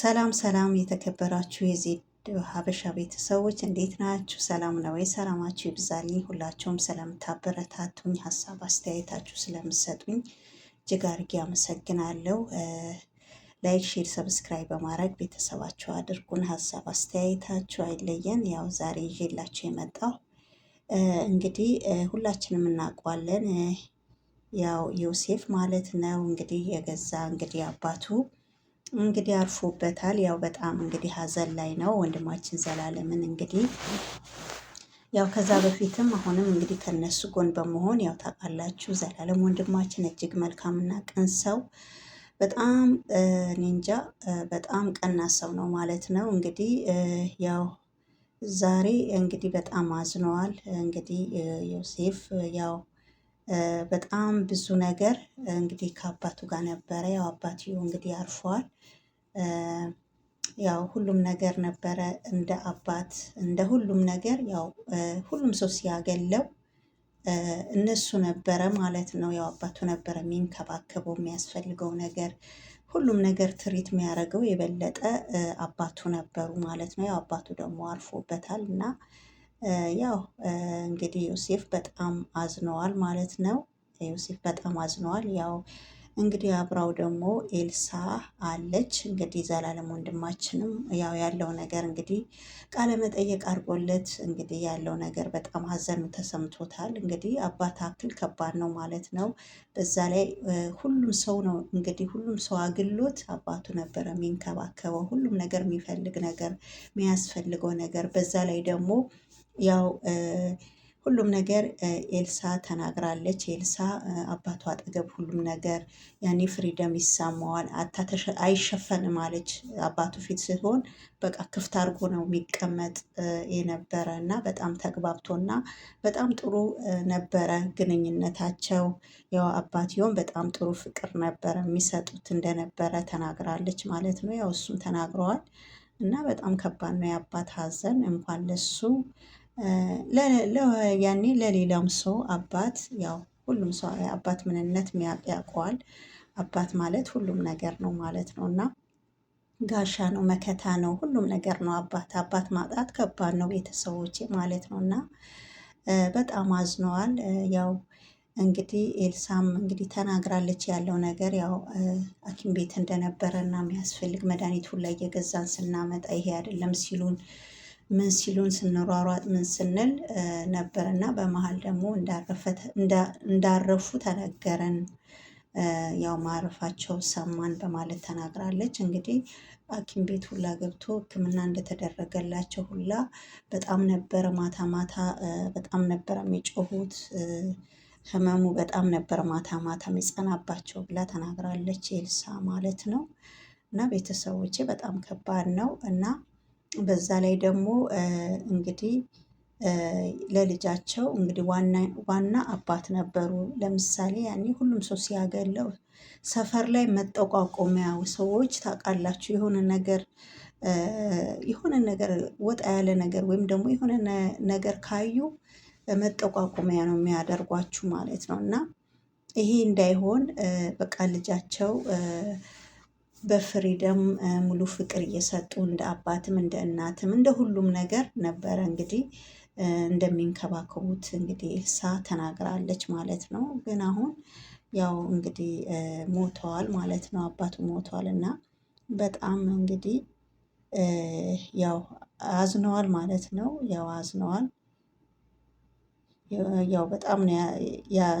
ሰላም ሰላም የተከበራችሁ የዜድ ሀበሻ ቤተሰቦች እንዴት ናችሁ? ሰላም ነው ወይ? ሰላማችሁ ይብዛልኝ። ሁላችሁም ስለምታበረታቱኝ፣ ሀሳብ አስተያየታችሁ ስለምሰጡኝ እጅግ አድርጌ አመሰግናለሁ። ላይክ፣ ሼር፣ ሰብስክራይብ በማድረግ ቤተሰባችሁ አድርጉን። ሀሳብ አስተያየታችሁ አይለየን። ያው ዛሬ ይዤላችሁ የመጣው እንግዲህ ሁላችንም እናውቀዋለን ያው ዮሴፍ ማለት ነው እንግዲህ የገዛ እንግዲህ አባቱ እንግዲህ አርፎበታል። ያው በጣም እንግዲህ ሀዘን ላይ ነው ወንድማችን ዘላለምን እንግዲህ ያው ከዛ በፊትም አሁንም እንግዲህ ከነሱ ጎን በመሆን ያው ታውቃላችሁ ዘላለም ወንድማችን እጅግ መልካምና ቅን ሰው በጣም ኒንጃ በጣም ቀና ሰው ነው ማለት ነው። እንግዲህ ያው ዛሬ እንግዲህ በጣም አዝነዋል። እንግዲህ ዮሴፍ ያው በጣም ብዙ ነገር እንግዲህ ከአባቱ ጋር ነበረ። ያው አባትየው እንግዲህ አርፏል። ያው ሁሉም ነገር ነበረ እንደ አባት እንደ ሁሉም ነገር ያው ሁሉም ሰው ሲያገለው እነሱ ነበረ ማለት ነው። ያው አባቱ ነበረ የሚንከባከበው የሚያስፈልገው ነገር ሁሉም ነገር ትሪት የሚያደርገው የበለጠ አባቱ ነበሩ ማለት ነው። ያው አባቱ ደግሞ አርፎበታል እና ያው እንግዲህ ዮሴፍ በጣም አዝነዋል ማለት ነው። ዮሴፍ በጣም አዝነዋል። ያው እንግዲህ አብራው ደግሞ ኤልሳ አለች። እንግዲህ ዘላለም ወንድማችንም ያው ያለው ነገር እንግዲህ ቃለ መጠየቅ አድርጎለት እንግዲህ ያለው ነገር በጣም ሀዘን ተሰምቶታል። እንግዲህ አባት አክል ከባድ ነው ማለት ነው። በዛ ላይ ሁሉም ሰው ነው እንግዲህ ሁሉም ሰው አግሎት አባቱ ነበረ የሚንከባከበው ሁሉም ነገር የሚፈልግ ነገር የሚያስፈልገው ነገር በዛ ላይ ደግሞ ያው ሁሉም ነገር ኤልሳ ተናግራለች። ኤልሳ አባቱ አጠገብ ሁሉም ነገር ያኔ ፍሪደም ይሰማዋል። አይሸፈንም አለች አባቱ ፊት ሲሆን በቃ ክፍት አድርጎ ነው የሚቀመጥ የነበረ እና በጣም ተግባብቶና በጣም ጥሩ ነበረ ግንኙነታቸው። ያው አባትየውም በጣም ጥሩ ፍቅር ነበረ የሚሰጡት እንደነበረ ተናግራለች ማለት ነው። ያው እሱም ተናግረዋል እና በጣም ከባድ ነው የአባት ሀዘን እንኳን ለሱ ያኔ ለሌላም ሰው አባት ያው ሁሉም ሰው አባት ምንነት ሚያውቅ ያውቀዋል። አባት ማለት ሁሉም ነገር ነው ማለት ነው እና ጋሻ ነው፣ መከታ ነው፣ ሁሉም ነገር ነው አባት። አባት ማጣት ከባድ ነው ቤተሰቦቼ ማለት ነው እና በጣም አዝነዋል። ያው እንግዲህ ኤልሳም እንግዲህ ተናግራለች ያለው ነገር ያው ሐኪም ቤት እንደነበረ እና የሚያስፈልግ መድኃኒቱን ላይ የገዛን ስናመጣ ይሄ አይደለም ሲሉን ምን ሲሉን ስንሯሯጥ ምን ስንል ነበር እና በመሀል ደግሞ እንዳረፉ ተነገረን። ያው ማረፋቸው ሰማን በማለት ተናግራለች። እንግዲህ ሐኪም ቤት ሁላ ገብቶ ሕክምና እንደተደረገላቸው ሁላ በጣም ነበረ ማታ ማታ በጣም ነበረ የሚጮሁት ህመሙ በጣም ነበር ማታ ማታ የሚጸናባቸው ብላ ተናግራለች። ኤልሳ ማለት ነው እና ቤተሰቦቼ በጣም ከባድ ነው እና በዛ ላይ ደግሞ እንግዲህ ለልጃቸው እንግዲህ ዋና አባት ነበሩ። ለምሳሌ ያኔ ሁሉም ሰው ሲያገለው ሰፈር ላይ መጠቋቆሚያው ሰዎች ታውቃላችሁ የሆነ ነገር የሆነ ነገር ወጣ ያለ ነገር ወይም ደግሞ የሆነ ነገር ካዩ መጠቋቆሚያ ነው የሚያደርጓችሁ ማለት ነው። እና ይሄ እንዳይሆን በቃ ልጃቸው በፍሪደም ሙሉ ፍቅር እየሰጡ እንደ አባትም እንደ እናትም እንደ ሁሉም ነገር ነበረ እንግዲህ እንደሚንከባከቡት እንግዲህ እሳ ተናግራለች ማለት ነው። ግን አሁን ያው እንግዲህ ሞተዋል ማለት ነው። አባቱ ሞተዋል እና በጣም እንግዲህ ያው አዝነዋል ማለት ነው። ያው አዝነዋል ያው በጣም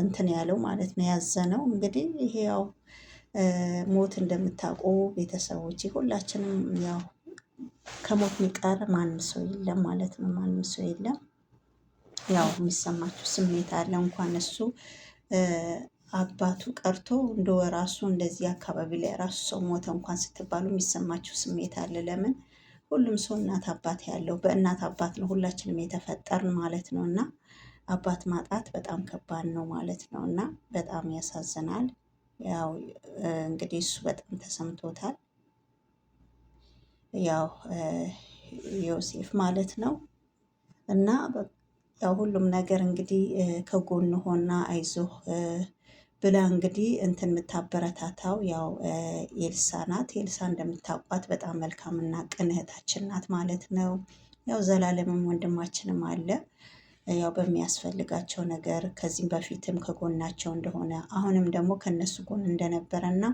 እንትን ያለው ማለት ነው ያዘነው እንግዲህ ይሄ ያው ሞት እንደምታውቁ ቤተሰቦች ሁላችንም ያው ከሞት የሚቀር ማንም ሰው የለም ማለት ነው። ማንም ሰው የለም። ያው የሚሰማችው ስሜት አለ። እንኳን እሱ አባቱ ቀርቶ እንደ ራሱ እንደዚህ አካባቢ ላይ ራሱ ሰው ሞተ እንኳን ስትባሉ የሚሰማችው ስሜት አለ። ለምን ሁሉም ሰው እናት አባት ያለው በእናት አባት ነው ሁላችንም የተፈጠርን ማለት ነው። እና አባት ማጣት በጣም ከባድ ነው ማለት ነው። እና በጣም ያሳዝናል። ያው እንግዲህ እሱ በጣም ተሰምቶታል። ያው ዮሴፍ ማለት ነው እና ያው ሁሉም ነገር እንግዲህ ከጎን ሆና አይዞህ ብላ እንግዲህ እንትን የምታበረታታው ያው ኤልሳ ናት። ኤልሳ እንደምታውቋት በጣም መልካምና ቅን እህታችን ናት ማለት ነው። ያው ዘላለምም ወንድማችንም አለ ያው በሚያስፈልጋቸው ነገር ከዚህም በፊትም ከጎናቸው እንደሆነ አሁንም ደግሞ ከነሱ ጎን እንደነበረ እና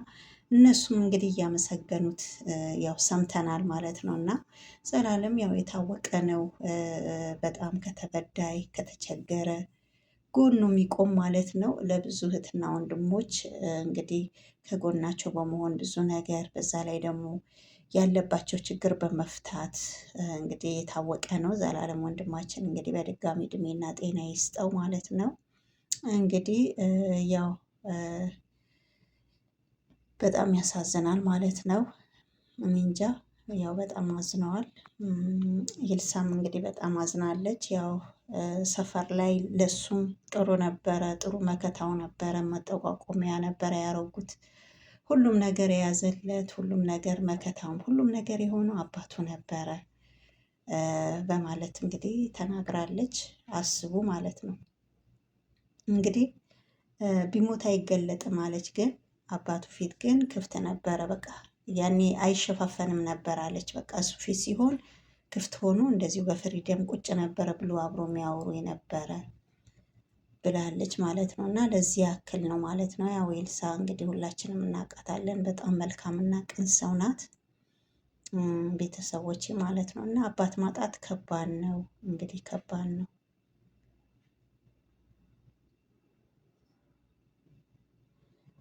እነሱም እንግዲህ እያመሰገኑት ያው ሰምተናል ማለት ነው። እና ዘላለም ያው የታወቀ ነው፣ በጣም ከተበዳይ ከተቸገረ ጎኑ የሚቆም ማለት ነው። ለብዙ እህትና ወንድሞች እንግዲህ ከጎናቸው በመሆን ብዙ ነገር በዛ ላይ ደግሞ ያለባቸው ችግር በመፍታት እንግዲህ የታወቀ ነው። ዘላለም ወንድማችን እንግዲህ በድጋሚ እድሜና ጤና ይስጠው ማለት ነው። እንግዲህ ያው በጣም ያሳዝናል ማለት ነው። እንጃ ያው በጣም አዝነዋል። ይልሳም እንግዲህ በጣም አዝናለች። ያው ሰፈር ላይ ለሱም ጥሩ ነበረ፣ ጥሩ መከታው ነበረ፣ መጠቋቆሚያ ነበረ ያረጉት ሁሉም ነገር የያዘለት ሁሉም ነገር መከታውም ሁሉም ነገር የሆነው አባቱ ነበረ በማለት እንግዲህ ተናግራለች። አስቡ ማለት ነው እንግዲህ ቢሞት አይገለጥም አለች። ግን አባቱ ፊት ግን ክፍት ነበረ። በቃ ያኔ አይሸፋፈንም ነበር አለች። በቃ እሱ ፊት ሲሆን ክፍት ሆኖ እንደዚሁ በፍሪደም ቁጭ ነበረ ብሎ አብሮ የሚያወሩ የነበረ ብላለች ማለት ነው። እና ለዚህ ያክል ነው ማለት ነው። ያው ኤልሳ እንግዲህ ሁላችንም እናውቃታለን። በጣም መልካምና ቅን ሰው ናት። ቤተሰቦች ማለት ነው። እና አባት ማጣት ከባድ ነው እንግዲህ ከባድ ነው።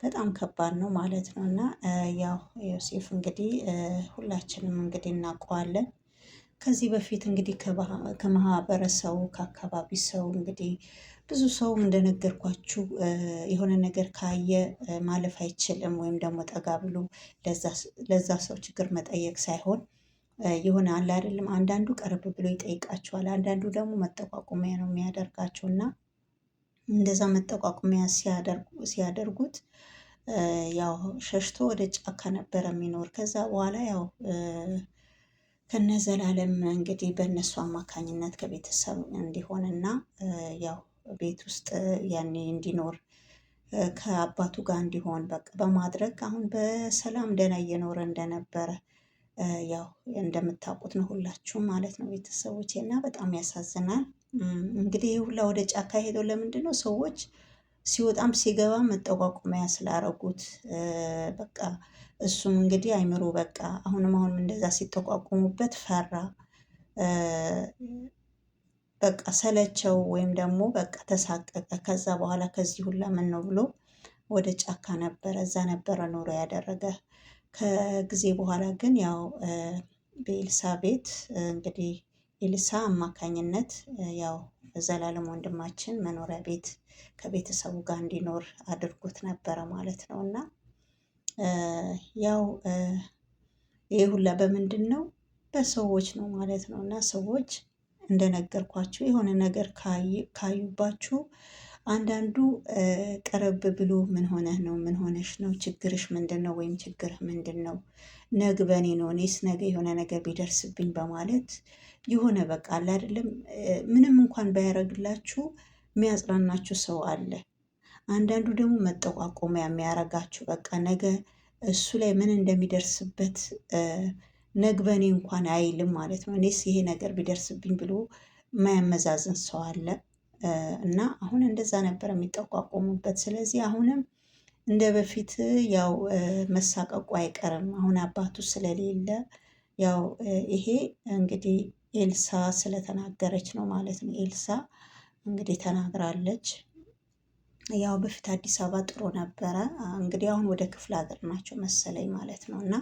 በጣም ከባድ ነው ማለት ነው። እና ያው ዮሴፍ እንግዲህ ሁላችንም እንግዲህ እናውቀዋለን። ከዚህ በፊት እንግዲህ ከማህበረሰቡ ከአካባቢ ሰው እንግዲህ ብዙ ሰው እንደነገርኳችሁ የሆነ ነገር ካየ ማለፍ አይችልም፣ ወይም ደግሞ ጠጋ ብሎ ለዛ ሰው ችግር መጠየቅ ሳይሆን የሆነ አለ አይደለም፣ አንዳንዱ ቀረብ ብሎ ይጠይቃቸዋል፣ አንዳንዱ ደግሞ መጠቋቁሚያ ነው የሚያደርጋቸው እና እንደዛ መጠቋቁሚያ ሲያደርጉት ያው ሸሽቶ ወደ ጫካ ነበረ የሚኖር ከዛ በኋላ ያው ከነዘላለም እንግዲህ በእነሱ አማካኝነት ከቤተሰብ እንዲሆንና ያው ቤት ውስጥ ያኔ እንዲኖር ከአባቱ ጋር እንዲሆን በቃ በማድረግ አሁን በሰላም ደህና እየኖረ እንደነበረ ያው እንደምታውቁት ነው ሁላችሁም ማለት ነው ቤተሰቦቼ። እና በጣም ያሳዝናል። እንግዲህ ሁላ ወደ ጫካ ሄደው ለምንድን ነው ሰዎች ሲወጣም ሲገባ መጠቋቋሚያ ስላረጉት በቃ እሱም እንግዲህ አይምሮ በቃ አሁንም አሁንም እንደዛ ሲተቋቁሙበት ፈራ። በቃ ሰለቸው ወይም ደግሞ በቃ ተሳቀቀ። ከዛ በኋላ ከዚህ ሁላ ምን ነው ብሎ ወደ ጫካ ነበረ እዛ ነበረ ኑሮ ያደረገ። ከጊዜ በኋላ ግን ያው በኤልሳ ቤት እንግዲህ ኤልሳ አማካኝነት ያው ዘላለም ወንድማችን መኖሪያ ቤት ከቤተሰቡ ጋር እንዲኖር አድርጎት ነበረ ማለት ነው እና ያው ይህ ሁላ በምንድን ነው? በሰዎች ነው ማለት ነው። እና ሰዎች እንደነገርኳችሁ የሆነ ነገር ካዩባችሁ አንዳንዱ ቀረብ ብሎ ምን ሆነህ ነው? ምን ሆነሽ ነው? ችግርሽ ምንድን ነው? ወይም ችግርህ ምንድን ነው? ነግ በእኔ ነው እኔስ ነገ የሆነ ነገር ቢደርስብኝ በማለት የሆነ በቃ አለ አይደለም ምንም እንኳን ባያረግላችሁ የሚያጽናናችሁ ሰው አለ። አንዳንዱ ደግሞ መጠቋቆሚያ የሚያረጋችሁ በቃ ነገ እሱ ላይ ምን እንደሚደርስበት ነግበኔ እንኳን አይልም ማለት ነው። እኔስ ይሄ ነገር ቢደርስብኝ ብሎ የማያመዛዝን ሰው አለ እና አሁን እንደዛ ነበር የሚጠቋቆሙበት። ስለዚህ አሁንም እንደ በፊት ያው መሳቀቁ አይቀርም። አሁን አባቱ ስለሌለ ያው ይሄ እንግዲህ ኤልሳ ስለተናገረች ነው ማለት ነው። ኤልሳ እንግዲህ ተናግራለች። ያው በፊት አዲስ አበባ ጥሩ ነበረ። እንግዲህ አሁን ወደ ክፍለ ሀገር ናቸው መሰለኝ ማለት ነው። እና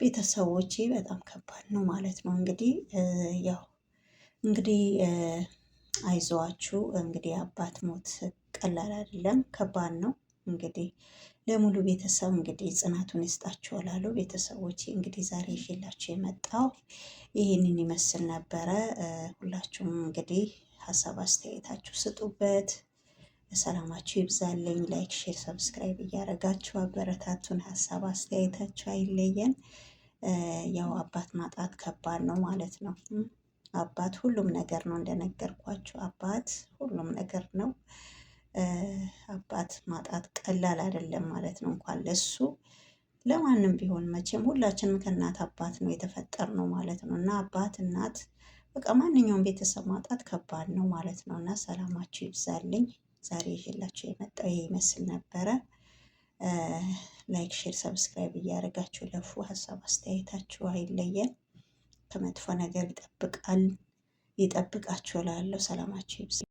ቤተሰቦቼ በጣም ከባድ ነው ማለት ነው። እንግዲህ ያው እንግዲህ አይዞዋችሁ እንግዲህ አባት ሞት ቀላል አይደለም፣ ከባድ ነው። እንግዲህ ለሙሉ ቤተሰብ እንግዲህ ጽናቱን ይስጣችሁ እላለሁ። ቤተሰቦች እንግዲህ ዛሬ ይዤላችሁ የመጣው ይህንን ይመስል ነበረ። ሁላችሁም እንግዲህ ሀሳብ አስተያየታችሁ ስጡበት። ሰላማችሁ ይብዛልኝ። ላይክ፣ ሼር፣ ሰብስክራይብ እያደረጋችሁ አበረታቱን። ሀሳብ አስተያየታችሁ አይለየን። ያው አባት ማጣት ከባድ ነው ማለት ነው። አባት ሁሉም ነገር ነው። እንደነገርኳችሁ አባት ሁሉም ነገር ነው። አባት ማጣት ቀላል አይደለም ማለት ነው። እንኳን ለሱ ለማንም ቢሆን መቼም ሁላችንም ከእናት አባት ነው የተፈጠር ነው ማለት ነው እና አባት እናት በቃ ማንኛውም ቤተሰብ ማጣት ከባድ ነው ማለት ነው እና ሰላማችሁ ይብዛልኝ። ዛሬ ይዤላችሁ የመጣው ይሄ ይመስል ነበረ። ላይክ፣ ሼር፣ ሰብስክራይብ እያደረጋችሁ ለፉ ሀሳብ አስተያየታችሁ አይለየን። ከመጥፎ ነገር ይጠብቃል ይጠብቃችሁ እላለሁ። ሰላማችሁ ይብዛ።